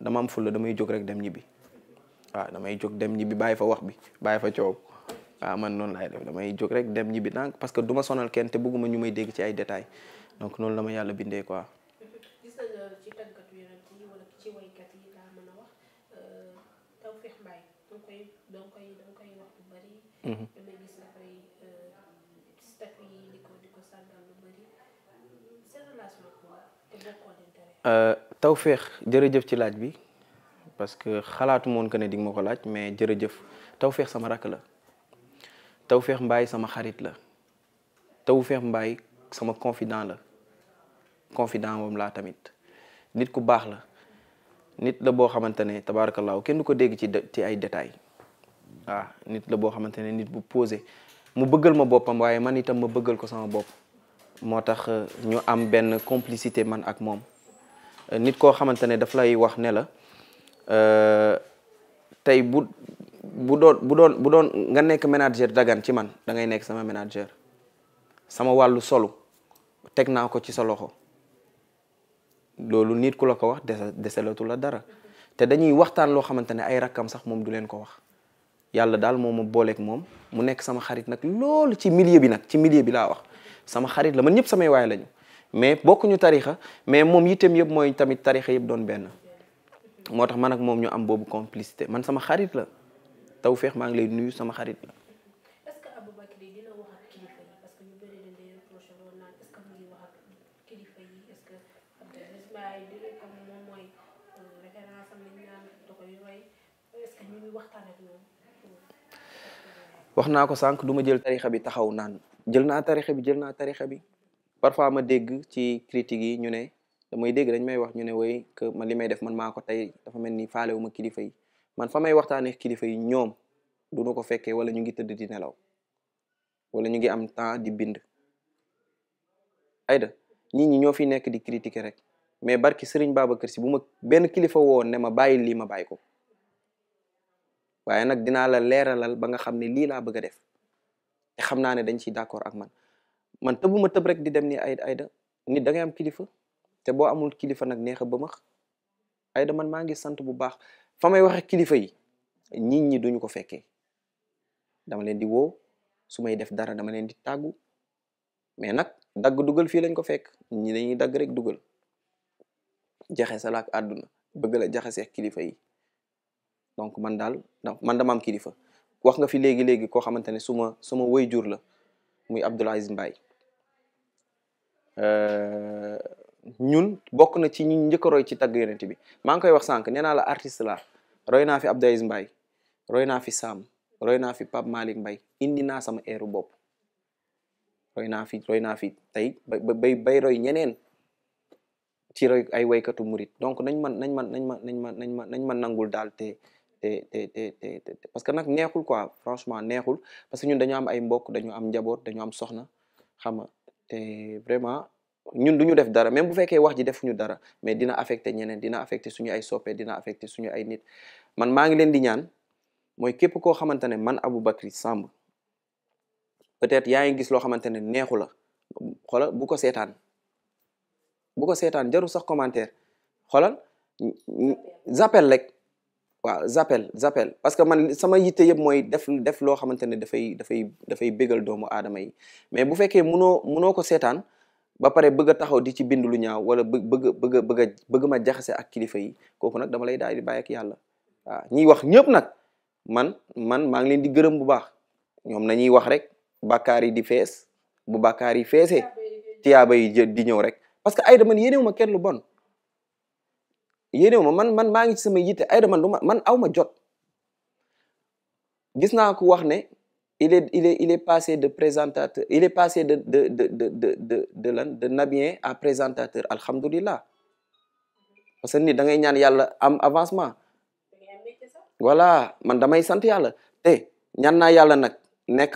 dama am fulla damay jóg rek dem ñibbi waaw damay jóg dem ñibbi bàyyi fa wax bi bàyyi fa coow waaw man noonu laay def damay jóg rek dem ñibbi donc parce que du sonal kenn bëgguma ñu may dégg ci ay détails donc noonu la ma yàlla bindee quoi. gis nañ euh, ci tàggatu jërëjëf ci laaj bi parce que xalaatu moon que ne di ma ko laaj mais jërëjëf Tawfekh sama rakk la Tawfekh mbaay sama xarit la Tawfekh Mbaye sama confident la. confident moom laa tamit nit ku baax la nit la boo xamante ne tabaarakallaahu kenn du ko dégg ci ci ay détails waaw nit la boo xamante ne nit bu posé mu bëggal ma boppam waaye man itam ma bëggal ko sama bopp moo tax euh, ñu am benn complicité man ak moom euh, nit koo xamante ne daf lay wax ne la euh, tey bu bu doon bu doon bu doon nga nekk manager dagan ci man da ngay nekk sama manager sama wàllu solu teg naa ko ci sa loxo loolu nit ku la ko wax dese deselatu la dara te dañuy waxtaan loo xamante ne ay rakkam sax moom du leen ko wax yàlla daal moom ma booleek moom mu nekk sama xarit nag loolu ci milieu bi nag ci milieu bi laa wax sama xarit la man ñëpp samay waay lañu mais bokkuñu tarixa mais moom yitteem yëpp mooy tamit tarixa yëpp doon benn moo tax man nag moom ñu am boobu complicité man sama xarit la feex maa ngi lay nuyu sama xarit la wax naa ko sànq du ma jël tarixa bi taxaw naan jël naa tarixa bi jël naa tarixa bi parfois ma dégg ci critique yi ñu ne damay dégg dañ may wax ñu ne woy man li may def man maa ko tey dafa mel ni faalewu ma kilifa yi man fa may waxtaanee kilifa yi ñoom duñu ko fekkee wala ñu ngi tëdd di nelaw wala ñu ngi am temps di bind ayda nit ñi ñoo fi nekk di critiquer rek mais barki Serigne baaba si bu ma benn kilifa woon ne ma bàyyi lii ma bàyyi ko waaye nag dinaa la leeralal ba nga xam ne lii laa bëgg a def te xam naa ne dañ ciy accord ak man man tëbu tëb rek di dem ni ay ayda nit da ngay am kilifa te boo amul kilifa nag neex a bëmax ayda man maa ngi sant bu baax fa may waxe kilifa yi nit ñi duñu ko fekkee dama leen di woo su may def dara dama leen di tàggu mais nag dagg dugal fii lañ ko fekk ñi dañuy dagg rek dugal jaxase la ak àdduna bëgg la jaxase ak kilifa yi donc man daal man dama am kilifa wax nga fi léegi léegi koo xamante ne suma suma jur la muy Abdoul Aziz Mbaye euh, ñun bokk na ci ñu njëkk roy ci tagg yonent bi maa ngi koy wax sànq nee naa la artiste la roy naa fi Abdoul Aziz Mbaye roy naa fi Sam roy naa fi Pape Malick mbay indi naa sama eeru bopp roy naa fi roy naa fi tey ba bay bay roy ñeneen ci roy ay waykatu murit donc nañ man nañ man nañ ma nañ ma nañ ma nañ ma nangul daal te te te te parce que nag neexul quoi franchement parce que ñun dañu am ay mbokk dañu am njaboot dañu am soxna xam nga te vraiment ñun du ñu def dara même bu fekkee wax ji defuñu dara mais dina affecté ñeneen dina affecté suñu ay soppe dina affecté suñu ay nit man maa ngi leen di ñaan mooy képp koo xamante ne man Aboubacry Samb peut-être yaa ngi gis loo xamante ne neexu la bu ko seetaan bu ko sax commentaire xoolal zappel rek waaw j'appelle j'appelle parce que man sama yitte yëpp mooy def def loo xamante ne dafay dafay dafay bégal doomu aadama yi mais bu fekkee munoo munoo ko seetaan ba pare bëgg a taxaw di ci bind lu ñaaw wala bëgg bëgg bëgg bëgg ma jaxase ak kilifa yi kooku nag dama lay daal di bàyyi yàlla waaw ñiy wax ñëpp nag man man maa ngi leen di gërëm bu baax ñoom nañuy wax rek bàkkaar yi di fees bu bàkkaar yi feesee tiyaaba yi di ñëw rek parce que ay dama yéenewu ma kenn lu bon yéenewu ma man man maa ngi ci sama yitte ayda man du ma man aw ma jot gis naa ko wax ne il est il est de présentateur il est passé de de de de de de de lan de nabien à présentateur alhamdulilah parce que nit da ngay ñaan yàlla am avancement wala man damay sant yàlla te ñaan naa yàlla nag nekk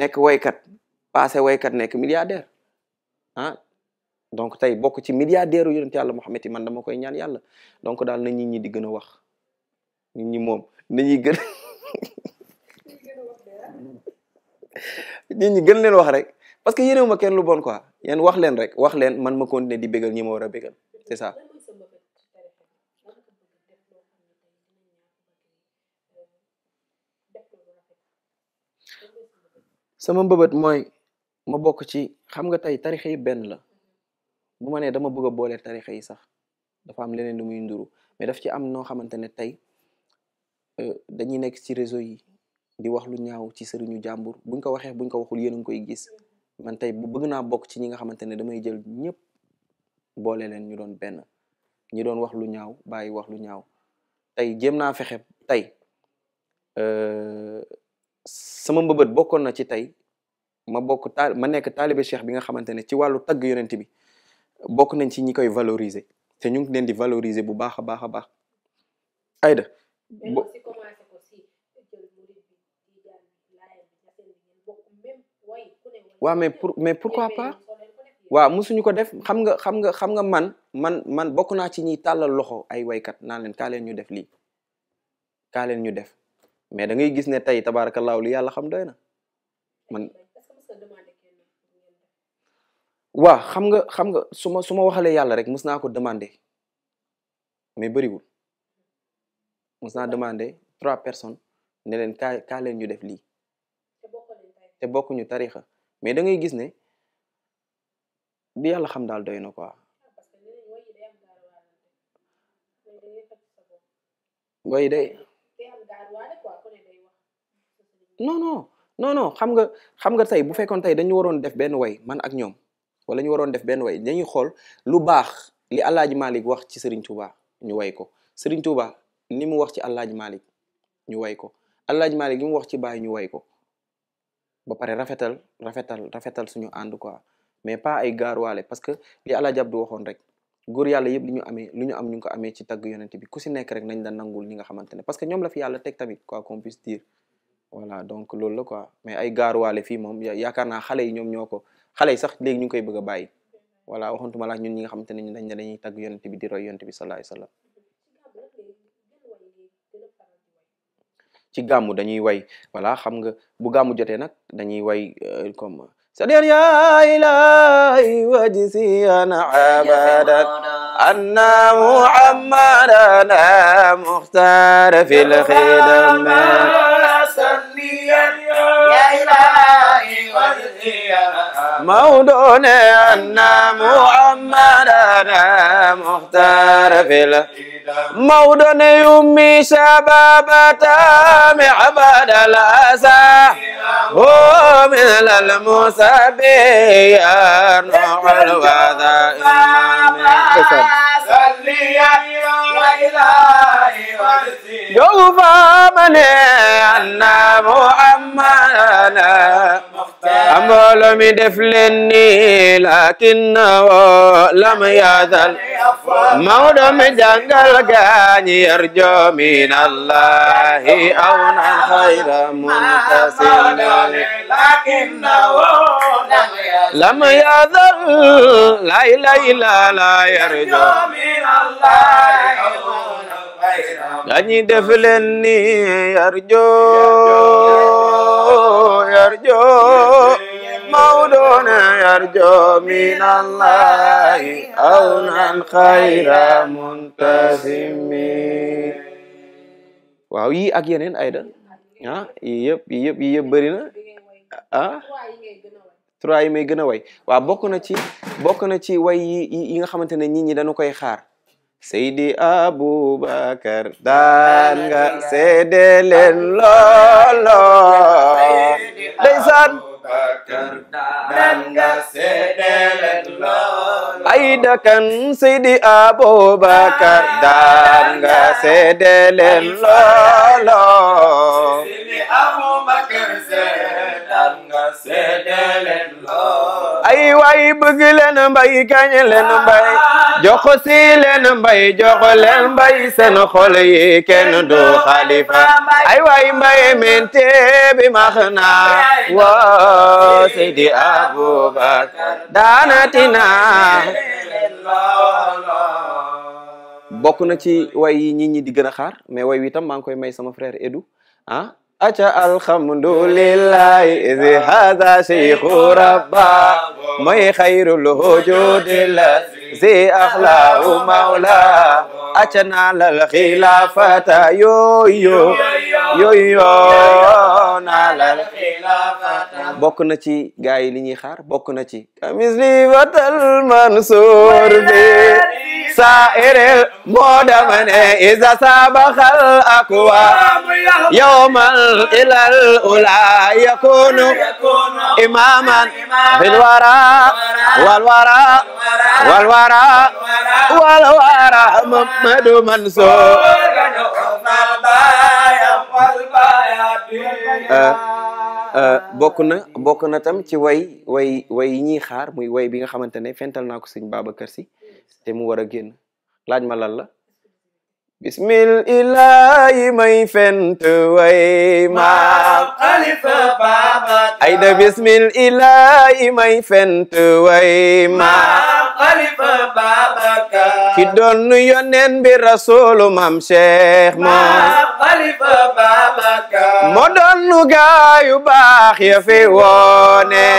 nekk waykat passé waykat nekk milliardaire ah donc tey bokk ci milliardaire yu yonent yàlla Muhammad yi man dama koy ñaan yàlla donc daal na nit ñi di gën a wax nit ñi moom nit ñi gën <laughs> gën leen wax rek parce que yéenewuma kenn lu bon quoi yéen wax leen rek wax leen man ma continuer di bégal ñi ma war a bégal c'est ça sama mbëbët mooy ma bokk ci xam nga tey tarixa yi benn la bu ma nee dama bëgg a boole tarixa yi sax dafa am leneen lu muy nduru mais daf ci am noo xamante ne tey euh, dañuy nekk ci réseau yi di wax lu ñaaw ci sëriñu jàmbur buñ ko waxee buñ ko waxul yéen a koy gis man tey bu bëgg naa bokk ci ñi nga xamante ne damay jël ñëpp boole leen ñu doon benn ñi doon wax lu ñaaw bàyyi wax lu ñaaw tey jëm naa fexe tey euh, sama mbëbët bokkoon na ci tey ma bokk taal ma nekk taalibe cheikh bi nga xamante ne ci wàllu tagg yonent bi bokk nañ ci ñi koy valoriser te ñu ngi leen di valoriser bu baax a baax a baax ayda bo mais pour mais pourquoi pas waaw musuñu ko def xam nga xam nga xam nga man man man bokk naa ci ñiy tàllal loxo ay waykat naan leen kaa ñu def lii kaa ñu def mais da ngay gis ne tey tabaarakallaahu li yàlla xam doy na man waa xam nga xam nga su ma su ma waxalee yàlla rek mës naa ko demander mais bëriwul mës naa demander trois personnes ne leen kaa leen ñu def lii te bokkuñu tarixa mais da ngay gis ne bi yàlla xam daal doy na quoi ah, way day non non non non xam nga xam nga tey bu fekkoon tey dañu waroon def benn way man ak ñoom wala ñu waroon def benn way dañuy xool lu baax li Alaaji Malik wax ci Serigne Touba ñu way ko Serigne Touba li mu wax ci Alaaji Malik ñu way ko Alaaji Malik li mu wax ci Baay ñu way ko ba pare rafetal rafetal rafetal suñu ànd quoi mais pas ay gaaruwaale parce que li Alaaji Abdu waxoon rek góor yàlla yëpp lu ñu ñu ngi ko amee ci tagg yonent bi ku si nekk rek nañ la nangul ñi nga xamante ne parce que ñoom la fi yàlla teg tamit quoi qu'on puisse dire voilà donc loolu la quoi mais ay moom yaakaar naa xale yi ñoom ñoo ko xale yi sax léegi ñu koy bëgg a bàyyi voilà waxantuma la ñun ñi nga xamante ne ñun dañ dañuy tagg yonent bi di roy yonent bi sallallahu alayhi wasallam dañuy way voilà xam nga bu gàmmu jotee nag dañuy way euh, comme ya ilahi wajsiyan abadan anna muhammadana muxtaar fil xidam sanniyan موضوعنا أن محمدنا مختار في موضوع يمي شبابة معبد الأسى هو من المسبي نوح الوضع صلي يا إلهي يوفى من أن محمد رحمانا أمول من دفلني لكنه لم يزل مود من جنجل كان يرجو من الله أونا خير منتصر لكنه لم يزل لا إله لا يرجو من الله أونا خير منتصر لكنه لم يزل لا إله لا يرجو يرجو مولونا يرجو من الله عونا خير منتظم waaw yii ak yeneen ayda ah yii yëpp yii yëpp yii na ah trois yi may gën a way waaw bokk na ci bokk na ci way yi yi nga xamante ne nit ñi dañu koy xaar Seydi Abubakar daan nga leen loolo ndeysaan daan kan Seydi Abubakar daan nga leen loolo ay way bëgg leen mbay kañ leen mbay joxo si mbay joxo leen mbay seen xol yi kenn du xalifa ay way mbay mente bi max na waa Seydi Aboubacar daanatina bokk na ci way yi nit ñi di gën a xaar mais way wi tam koy may sama frère Edu ah. aca alhamdulillahi zi hada sheikhu rabba mooy xayrul wujudi la zi axlaahu mawla aca naalal xilaafata yooyo yooyo naal bokk na ci gaa yi li ñuy xaar bokk na ci kamis li watal mansoor bi ilal ula yakunu imaman fil wal wara wal mansoor Euh, bokk na bokk na tam ci way way way yi ñuy xaar muy way bi nga xamante ne fental na ko sëñ Babacar Si te mu war a génn laaj ma lan la bismil ilahi may fent way maam xalifa Babacar ay bismil ilahi may fent way maam xalifa ki doon nu bi rasulu maam Cheikh ma moo doon gaayu baax ya fi woone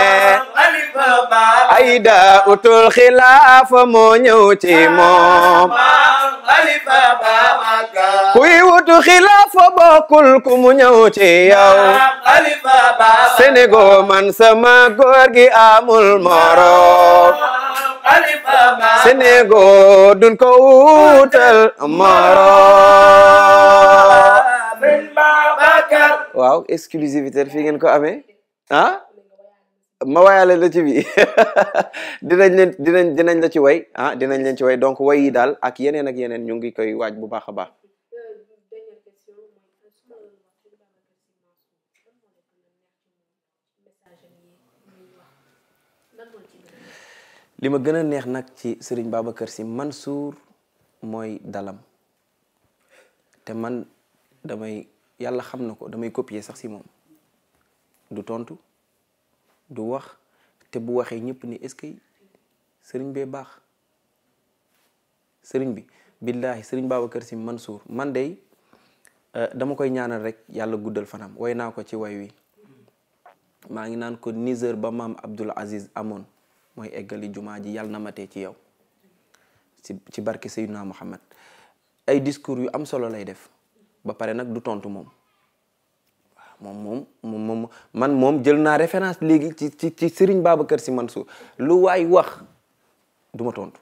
xalifa Babacar ayda utul xilaafa moo ñëw ci moom xalifa Babacar kuy wutu xilaafa bokkul ku mu ñëw ci yow xalifa Babacar Sénégal man sama gi amul moroom Senego dun ko wutal moroom waaw exclusivité fii ngeen ko amee ah ma wayaale la ci bi <laughs> dinañ leen dinañ dinañ la ci way ah dinañ leen ci way donc way yi daal ak yeneen ak yeneen ñu ngi koy waaj bu baax a baax li ma gën a neex nag ci kër Babacar man Mansour mooy dalam te man damay yàlla xam na ko damay copier sax si moom du tontu du wax te bu waxee ñëpp ni est-ce que sëriñ bee baax sëriñ bi billaahi sëriñ Babacar kër si man man dey euh, dama koy ñaanal rek yàlla guddal fanaam way naa ko ci way wi maa ngi naan ko Niger ba maam Abdul Aziz amoon mooy eggali jumaa ji yàlla na matee ci yow ci ci barke Seydina ay discours yu am solo lay def ba pare nag du tontu moom waaw moom man moom jël naa référence léegi ci ci ci kër si man su lu waay wax duma tontu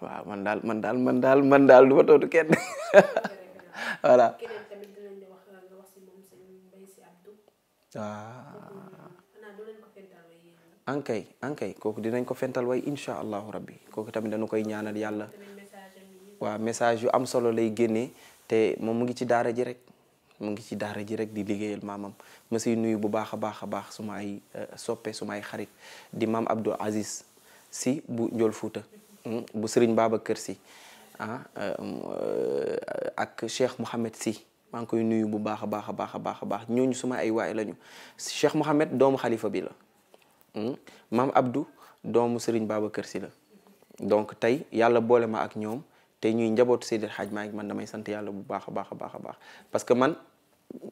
waaw man daal man daal man daal man daal du ma tontu kenn <laughs> voilà. ankay ankay kooku dinañ ko fental way incha allahu rabbi kooku tamit dañu koy ñaanal yàlla waaw message yu am solo lay génne te moom mu ngi ci daara ji rek mu ngi ci daara ji rek di liggéeyal maamam ma siy nuyu bu baax a baax a baax su may soppee euh, soppe su ma xarit di maam Abdou Aziz si bu Njool Fuuta hmm, bu baaba kër Si ah euh, euh, ak Cheikh Mouhamed Si maa ngi koy nuyu bu baax a baax a baax a baax a baax ñooñu su ma ay waay lañu Cheikh Mouhamed doomu xalifa bi la Hmm? maam Abdou doomu Serigne Babacar Sy la donc tey yàlla boole ma ak ñoom te ñuy njabootu sedd Seydi Hadj Malick man damay sant yàlla bu baax a baax a baax baax parce que man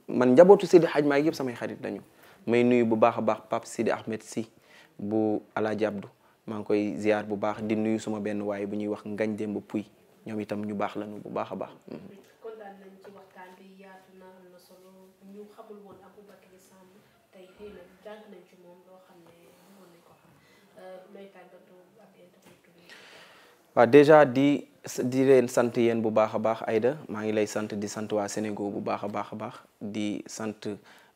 man njabootu Seydi Hadj Malick yëpp samay xarit lañu may nuyu bu baax a baax Pape Sidi Ahmed si bu Alaaji Abdou maa ngi koy ziar bu baax di nuyu suma benn waaye bu ñuy wax ngañ démb puy ñoom itam ñu baax lañu bu baax a baax. Hmm. waa déjà di di leen sant yéen bu baax a baax ayda maa ngi lay sant di sant waa Sénégal bu baax a baax a baax di sant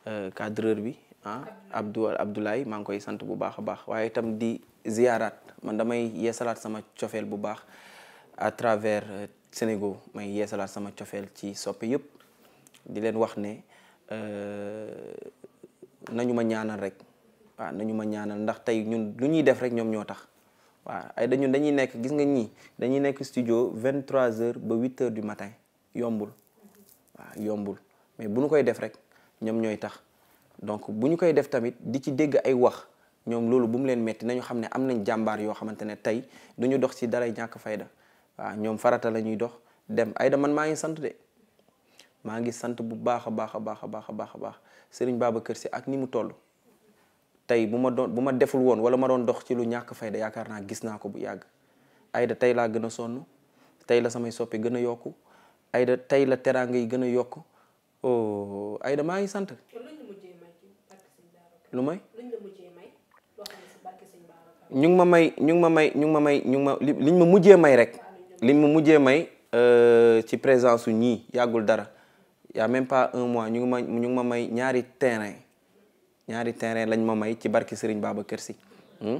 euh, cadreur bi ah Abdou Abdoulaye maa ngi koy sant bu baax a baax waaye itam di ziyaaraat man damay yeesalaat sama cofeel bu baax à travers euh, Sénégal may yeesalaat sama cofeel ci soppe yëpp di leen wax ne euh, nañu ma ñaanal rek waaw nañu ma ñaanal ndax tey ñun lu ñuy def rek ñoom ñoo tax waa ay dañun dañuy nekk gis nga ñii dañuy nekk studio vingt trois heures ba huit heures du matin yombul yombul mais bu ñu koy def rek ñoom ñooy tax donc bu ñu koy def tamit di ci dégg ay wax ñoom loolu bu mu leen metti nañu xam ne am nañ jàmbaar yoo xamante ne tey du ñu dox ci daray ñàkk fayda waaw ñoom farata la ñuy dox dem ayda man maa ngi sant de maa ngi sant bu baax a baax a baax a baax a baax a baax Serigne Babacar Sy ak ni mu toll tey bu ma doon bu ma deful woon wala ma doon dox ci lu ñàkk fayda yaakaar naa gis naa ko bu yàgg ayda tey laa gën a sonn tey la samay soppe gën a yokk ayda tey la teraanga yi gën a yokk oh ayda maa ngi sant lu may ñu ma may ñu ma may ñu ma may ñu ma liñ ma mujjee may rek liñ ma mujjee may euh, ci présence su ñii yàggul dara yaa a même pas un mois ñu ngi ma ñu ma may ñaari terrain ñaari terrain lañ ma may ci barki Serigne Babacar Sy hmm?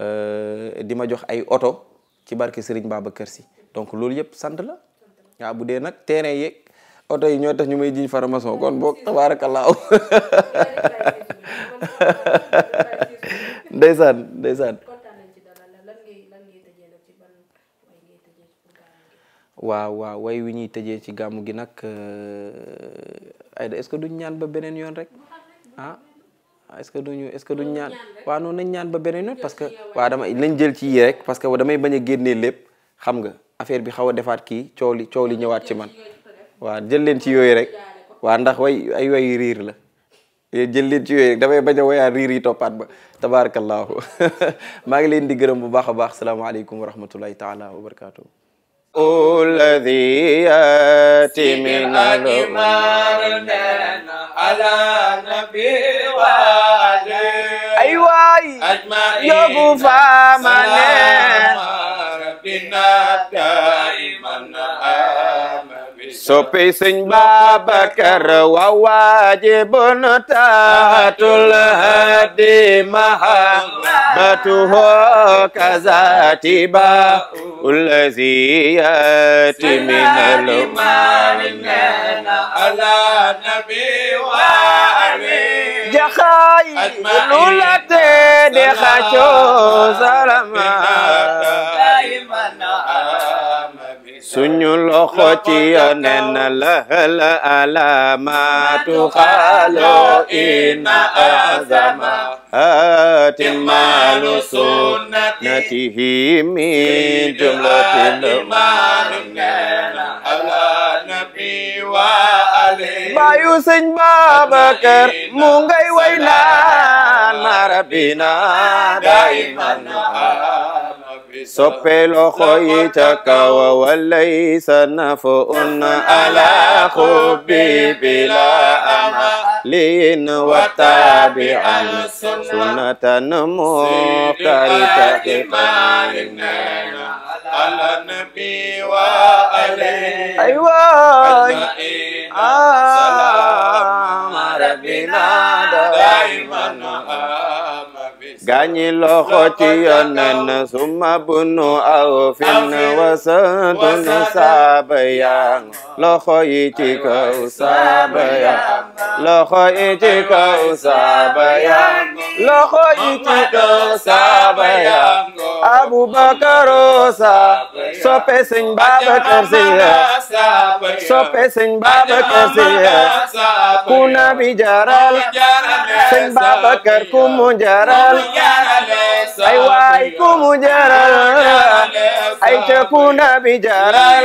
euh, di ma jox ay oto ci barki Serigne Babacar Sy donc loolu yëpp sant la waaw bu dee nag terrain yeeg oto yi ñoo tax ñu may jiñ faramason kon boog tabaarakallaahu <laughs> waaw waaw way wi ñuy tëjee ci gàmmu gi nag euh, Aïda est-ce que duñ ñaan ba beneen yoon rek ah? est-ce que duñu est-ce que duñ ñaan waaw noonu nañ ñaan ba beneen yoon parce que waaw dama jël ci rek parce que damay bañ a génnee lépp xam nga affaire bi xaw a defaat kii coow li coow li ñëwaat ci man waaw jël leen ci yooyu rek waa ndax way ay way riir la jël leen ci yooyu rek damay bañ a wayaa riir yi toppaat ba tabaarakallaahu <laughs> maa ngi leen di gërëm bu baax a baax salaamaaleykum wa rahmatullahi taala wa barakaatu. الذي ياتي من الإمام على نبي وعلي أيواي يغفى من ربنا دائما soppey sëñ Babacar wa waajibun taatul hadi mahabbatuhu kazatiba ulazi yati minal ala nabi wa ali jaxaay lu la tee de xacoo salama suñu loxo ci yonen la hël alaamaatu xaaloo inna azama atimmaalu sunnatihi min jumlatil imaalu neena ala nabi wa alayhi bayu sëñ Babakar mu ngay way naan rabbina dayman soppi loxo yi ca kaw walay sanafun ala xubbi bila ama liin wa tabi'an sunnatan muqtarita imanin ala nabi wa alayhi aywa salaam rabbina daiman gaañi loxo ci yonen suma bunu aw fin wasantun saaba yaa loxo loxo yi ci kaw saaba loxo yi ci kaw saaba Abubakar Sa soppe Sëñ Babacar Si soppe Sëñ Babacar Si ku nabi jaral ku mu jaral ay waay ku mu jaral ay ca ku nabi jaral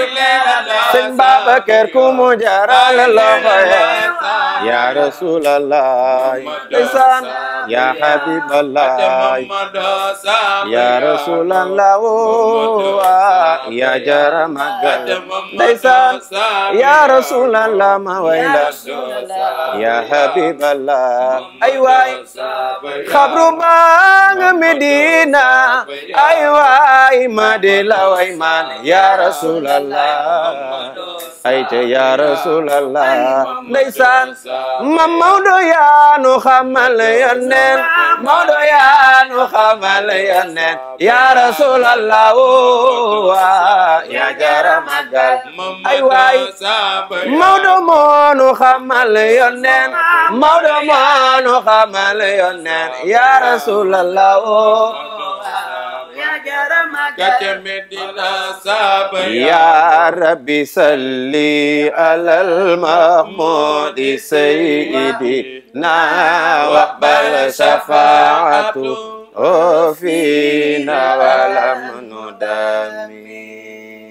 Sëñ Babacar ku mu jaral loxo ya يا رسول الله لسان يا حبيب الله يا رسول الله يا جرم لسان يا رسول الله ما ويلا يا حبيب الله أيوة خبر ما مدينة أيوة ما دلا ويمان يا رسول الله أيت يا رسول الله لسان ma Maodo yaa nu xamal yonent yaa nu xamal yaa rasulallah waa ay waay Maodo moo nu xamal yonent yaa rasulallah يا ربي صلي على المحمود سيدنا وقبل شفاعته فينا ولم ندمي